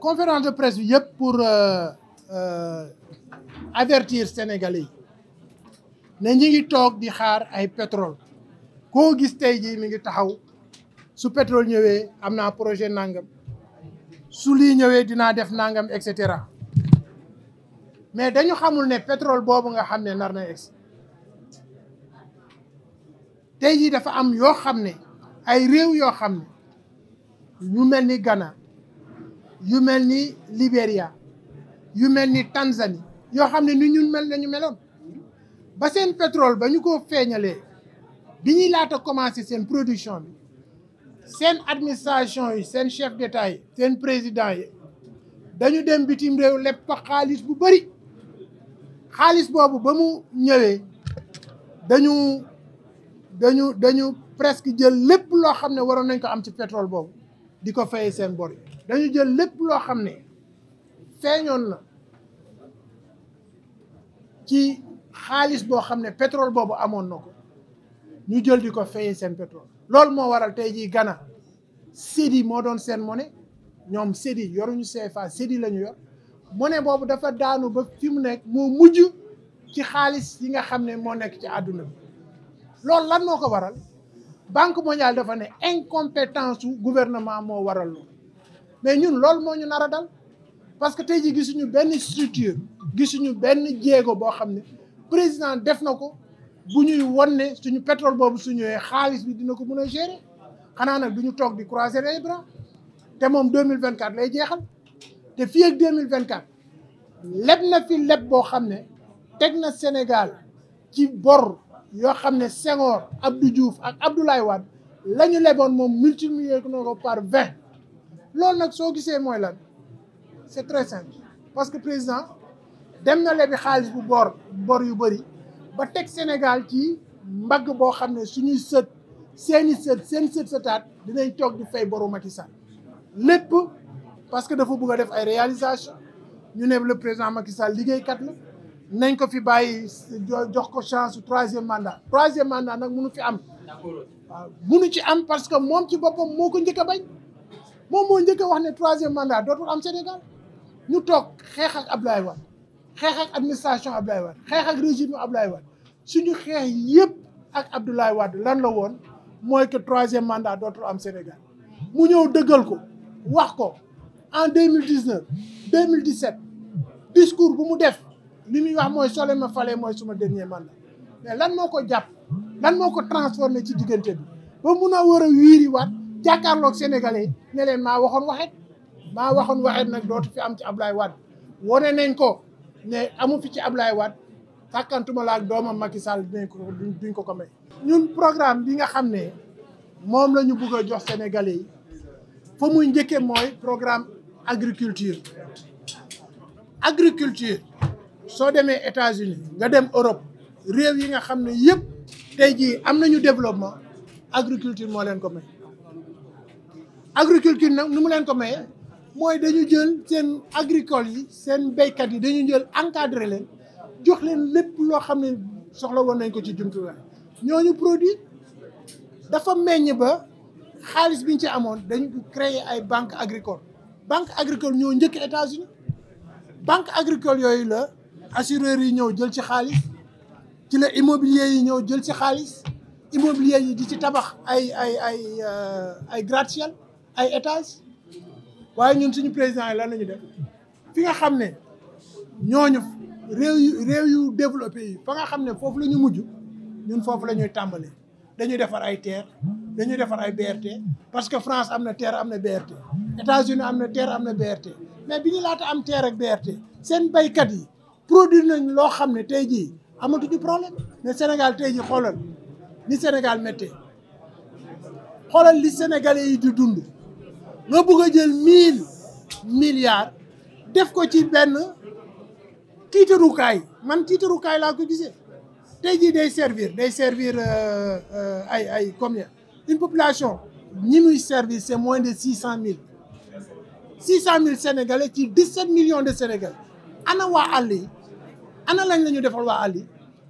conférence de presse bi yëpp pour euh, euh avertir sénégalais yi ne ñi toog di xaar ay pétrole ko gis tey jii mi ngi taxaw su pétrole ñëwee am naa projet nangam su lii ñëwee dinaa def nangam et cetera mais dañu xamul ne pétrole boobu nga xam ne nar na egsi tey jii dafa am yoo xam ne ay réew yoo xam ne yu mel ni Ghana yu mel ni Libéria yu mel ni Tanzanie yoo xam ne ni ñun mel nañu meloon ba seen petrole ba ñu ko feeñalee bi ñuy laata commencé seen production bi seen administration yi seen chef d'état yi seen président yi dañu dem bitim réew lépp fa xaalis bu bari xaalis boobu ba mu ñëwee dañu dañu dañu presque jël lépp loo xam ne waroon nañ ko am ci pétrole boobu di ko fayee seen bor dañu jël lépp loo xam ne feeñoon na ci xaalis boo xam ne pétrole boobu amoon na ko ñu jël di ko fayee seen pétrole loolu moo waral tey jii Ghana cedi moo doon seen monnaie ñoom cedi yoruñu CFA cedi la ñu yor monnaie boobu dafa daanu ba fi mu nekk moo mujj ci xaalis yi nga xam ne moo nekk ci àdduna bi loolu lan moo ko waral banque mondiale dafa ne incompétence su gouvernement moo waral loolu mais ñun loolu moo ñu nar a dal parce que tey jii gisuñu benn structure gisuñu benn jéego boo xam ne président def na ko bu ñuy won ne suñu pétrole boobu su ñëwee xaalis bi dina ko mun a gérer xanaa nag du ñu toog di croiser les bras te moom 2024 lay jeexal te fii ak 2024 leb na fi leb boo xam ne teg na Sénégal ci bor. yoo xam ne Senghor Abdou Diouf ak Abdoulaye Wade la ñu leboon moom multiplier ko na ko par vingt loolu nag soo gisee mooy lan c'est très simple parce que président dem na lebi xaalis bu bor bor yu bëri ba teg Sénégal ci mbagg boo xam ne suñuy sët seeni sët seen sët sëtaat dinañ toog di fay boru Macky Sall lépp parce que dafa bëgg a def ay réalisation ñu ne le président Macky liggéey liggéeykat la nañ ko fi bàyyi jox ko chance troisième mandat troisième mandat nag mënu fi am waaw mënu ci am parce que moom ci boppam moo ko njëkk a bañ moom moo njëkk a wax ne troisième mandat dootul am Sénégal ñu toog xeex ak Ablaye Wade xeex ak administration Ablaye Wade xeex ak régime Ablaye Wade suñu xeex yëpp ak Abdoulaye Wade lan la woon mooy que troisième mandat dootul am Sénégal mu ñëw dëggal ko wax ko en deux mille dix neuf deux mille dix sept discours bu mu def li muy wax mooy sole ma falee mooy suma dernier mandat mais lan moo ko jàpp lan moo ko transformé ci diggante bi ba mun a war a wiiri waat jàkkaarloog sénégalais ne leen maa waxoon waxet maa waxoon waxet nag dootu fi am ci Ablaye wat wone nañ ko ne amu fi ci Ablaye wat sàkkantuma la ak doomam Macky Sall dinañ ko duñ ko ko may ñun programme bi nga xam ne moom la ñu bëgg a jox sénégalais yi fa muy njëkkee mooy programme agriculture agriculture soo demee États-Unis nga dem Europe réew yi nga xam ne yépp tey jii am nañu développement agriculture moo leen ko may agriculture nag nu mu leen ko mayee mooy dañu jël seen agricole yi seen béykat yi dañu jël encadré leen jox leen lépp loo xam ne soxla woon nañ ko ci ñoo ñu produit dafa meññ ba xaalis bi ñu ci amoon dañu créer ay banque agricole banque agricole ñoo njëkk États-Unis banque agricole yooyu la assureurs yi ñëw jël ci xaalis ci la immobilier yi ñëw jël ci xaalis immobilier yi di ci tabax ay ay ay euh, ay gratte-ciel ay étages waaye ñun suñu président yi lan la ñu def fi nga xam ne ñooñu réew yu réew yu développé yi fa nga xam ne foofu la ñu mujj ñun foofu la ñuy tàmbalee dañuy defar ay terre dañuy defar ay BRT parce que France am na terre am na BRT États-Unis am na teer am na BRT mais bi ñu laata am terre ak BRT seen baykat yi produire nañ loo xam ne tey jii amatuñu problème mais Sénégal tey jii xoolal ni Sénégal méttee xoolal li Sénégalais yi di dund nga bëgg a jël mille milliards def ko ci benn tiitarukaay man tiitarukaay laa ko gisee tey jii day servir day servir euh, euh, ay ay combien une population ñi muy servir c'est moins de six cent mille six cent mille Sénégalais ci dix-sept millions de sénégal ana waa àll yi ana lañ lañu ñu defal waa àll yi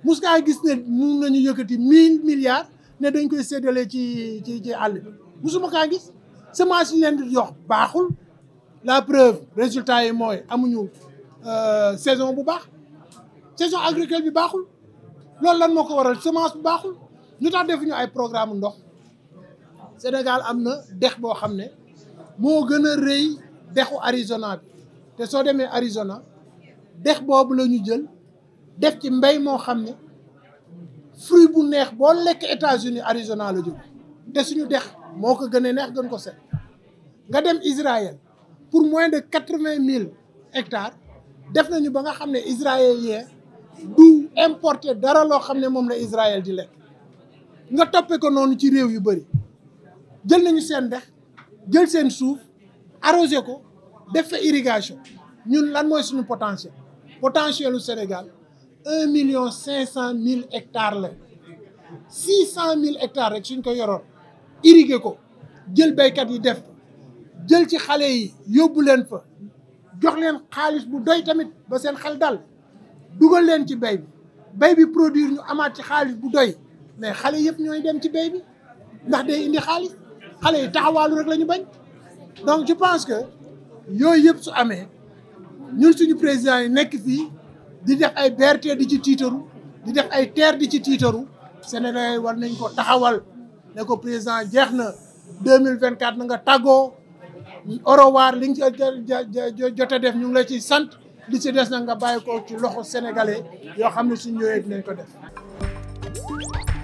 mus ngaa gis ne mun nañu yëkkati mille milliards ne dañ koy séddalee ci ci ci àll bi musuma kaa gis semence yi leen di jox baaxul la preuve résultat yi mooy amuñu euh, saison bu baax saison agricole bi baaxul loolu lan moo ko waral semence bu baaxul ñu tax defuñu ay programme ndox Sénégal am na dex boo xam ne moo gën a rëy dexu Arizona bi te soo demee Arizona dex boobu la ñu jël def ci mbéy moo xam ne fruit bu neex boo lekk États-Unis Arizona la jóge te suñu dex moo ko gën a neex gën ko set nga dem Israël pour moins de quatre-vingt mille hectares def nañu ba nga xam ne israélien du importer dara loo xam ne moom la Israël di lekk nga toppee ko noonu ci réew yu bëri jël nañu seen dex jël seen suuf arrosé ko def fa irrigation ñun lan mooy suñu potentiel potentielu Sénégal un million cinq cent mille hectares la six cent mille hectares rek suñ ko yoroon irrigué ko jël baykat yi def jël ci xale yi yóbbu leen fa jox leen xaalis bu doy tamit ba seen xel dal dugal leen ci bay bi bay bi produire ñu amaat ci xaalis bu doy mais xale yëpp ñooy dem ci bay bi ndax day indi xaalis xale yi taxawaalu rek la ñu bañ donc je pense que yooyu yëpp su amee ñun suñu président yi nekk fii di def ay BRT di ci tiitaru di def ay TER di ci tiitaru Sénégalais yi war nañ ko taxawal ne ko président jeex na deux mille vingt quatre na nga tàggoo orowaar li nga jota def ñu ngi la ciy sant li ci des na nga bàyyi ko ci loxo sénégalais yoo xam ne suñ ñëwee dinañ ko def